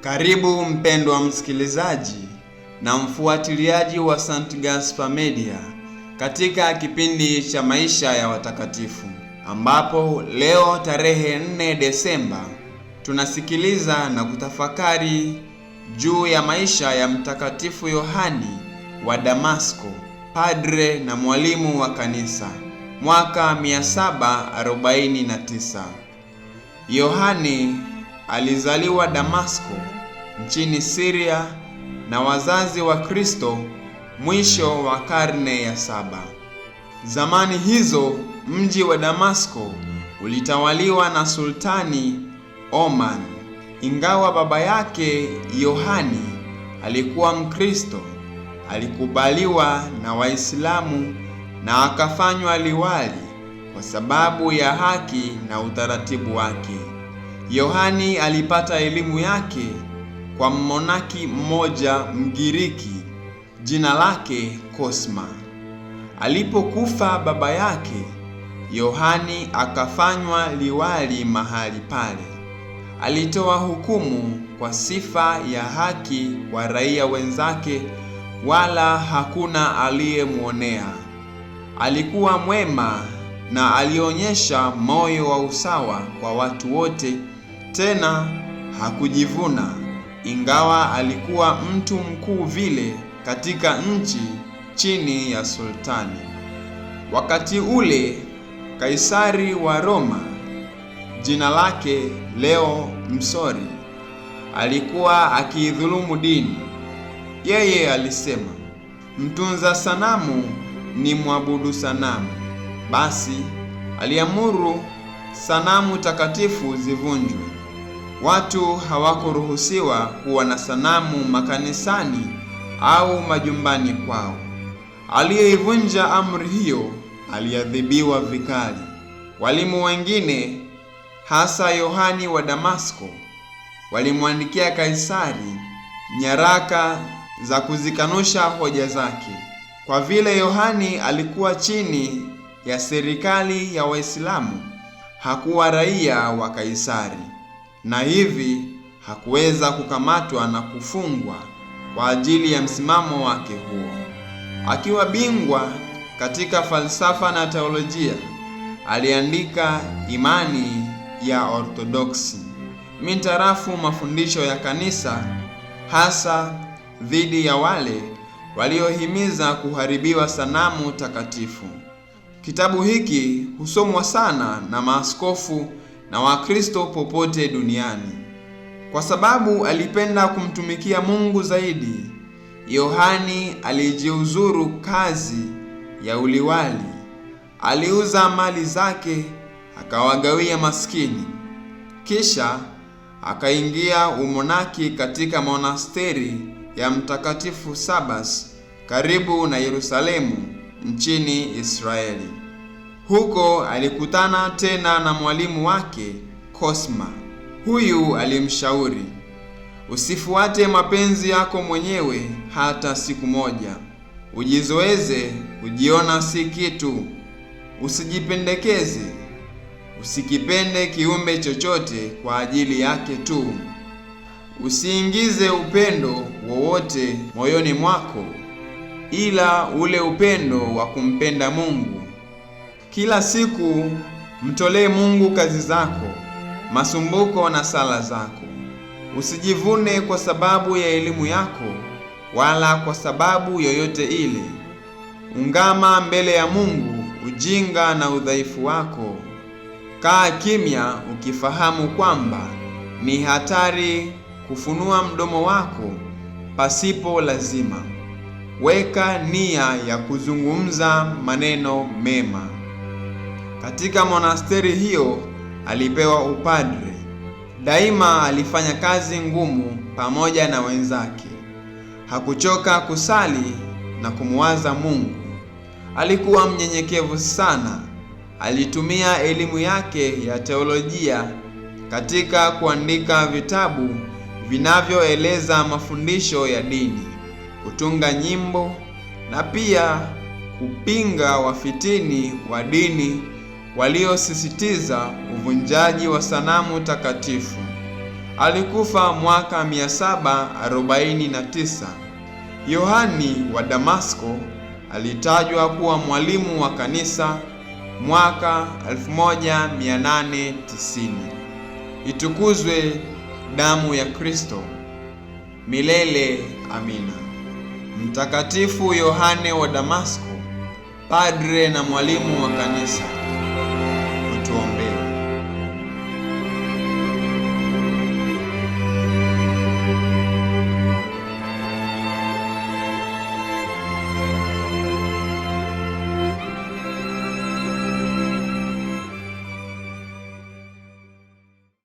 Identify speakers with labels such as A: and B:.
A: Karibu mpendwa msikilizaji na mfuatiliaji wa St. Gaspar Media katika kipindi cha maisha ya watakatifu, ambapo leo tarehe 4 Desemba tunasikiliza na kutafakari juu ya maisha ya Mtakatifu Yohani wa Damasko, padre na mwalimu wa kanisa, mwaka 749 Yohani Alizaliwa Damasko nchini Siria na wazazi wa Kristo mwisho wa karne ya saba. Zamani hizo mji wa Damasko ulitawaliwa na Sultani Oman. Ingawa baba yake Yohani alikuwa Mkristo, alikubaliwa na Waislamu na akafanywa liwali kwa sababu ya haki na utaratibu wake. Yohani alipata elimu yake kwa mmonaki mmoja Mgiriki jina lake Kosma. Alipokufa baba yake, Yohani akafanywa liwali mahali pale. Alitoa hukumu kwa sifa ya haki kwa raia wenzake, wala hakuna aliyemwonea. Alikuwa mwema na alionyesha moyo wa usawa kwa watu wote tena hakujivuna, ingawa alikuwa mtu mkuu vile katika nchi chini ya sultani. Wakati ule Kaisari wa Roma, jina lake Leo Msori, alikuwa akiidhulumu dini. Yeye alisema, mtunza sanamu ni mwabudu sanamu. Basi aliamuru sanamu takatifu zivunjwe watu hawakuruhusiwa kuwa na sanamu makanisani au majumbani kwao. Aliyeivunja amri hiyo aliadhibiwa vikali. Walimu wengine hasa Yohani wa Damasko walimwandikia Kaisari nyaraka za kuzikanusha hoja zake. Kwa vile Yohani alikuwa chini ya serikali ya Waislamu, hakuwa raia wa Kaisari na hivi hakuweza kukamatwa na kufungwa kwa ajili ya msimamo wake huo. Akiwa bingwa katika falsafa na teolojia, aliandika Imani ya Orthodoksi mintarafu mafundisho ya kanisa, hasa dhidi ya wale waliohimiza kuharibiwa sanamu takatifu. Kitabu hiki husomwa sana na maaskofu na Wakristo popote duniani, kwa sababu alipenda kumtumikia Mungu zaidi. Yohani alijiuzuru kazi ya uliwali, aliuza mali zake akawagawia maskini, kisha akaingia umonaki katika monasteri ya Mtakatifu Sabas karibu na Yerusalemu nchini Israeli. Huko alikutana tena na mwalimu wake Cosma. Huyu alimshauri, usifuate mapenzi yako mwenyewe hata siku moja, ujizoeze kujiona si kitu, usijipendekeze, usikipende kiumbe chochote kwa ajili yake tu, usiingize upendo wowote moyoni mwako ila ule upendo wa kumpenda Mungu kila siku mtolee Mungu kazi zako, masumbuko na sala zako. Usijivune kwa sababu ya elimu yako, wala kwa sababu yoyote ile. Ungama mbele ya Mungu ujinga na udhaifu wako. Kaa kimya ukifahamu kwamba ni hatari kufunua mdomo wako pasipo lazima. Weka nia ya kuzungumza maneno mema. Katika monasteri hiyo alipewa upadre. Daima alifanya kazi ngumu pamoja na wenzake. Hakuchoka kusali na kumwaza Mungu. Alikuwa mnyenyekevu sana. Alitumia elimu yake ya teolojia katika kuandika vitabu vinavyoeleza mafundisho ya dini, kutunga nyimbo na pia kupinga wafitini wa dini waliosisitiza uvunjaji wa sanamu takatifu. Alikufa mwaka 749. Yohani wa Damasko alitajwa kuwa mwalimu wa kanisa mwaka 1890. Itukuzwe damu ya Kristo! Milele amina. Mtakatifu Yohane wa Damasko, padre na mwalimu wa kanisa.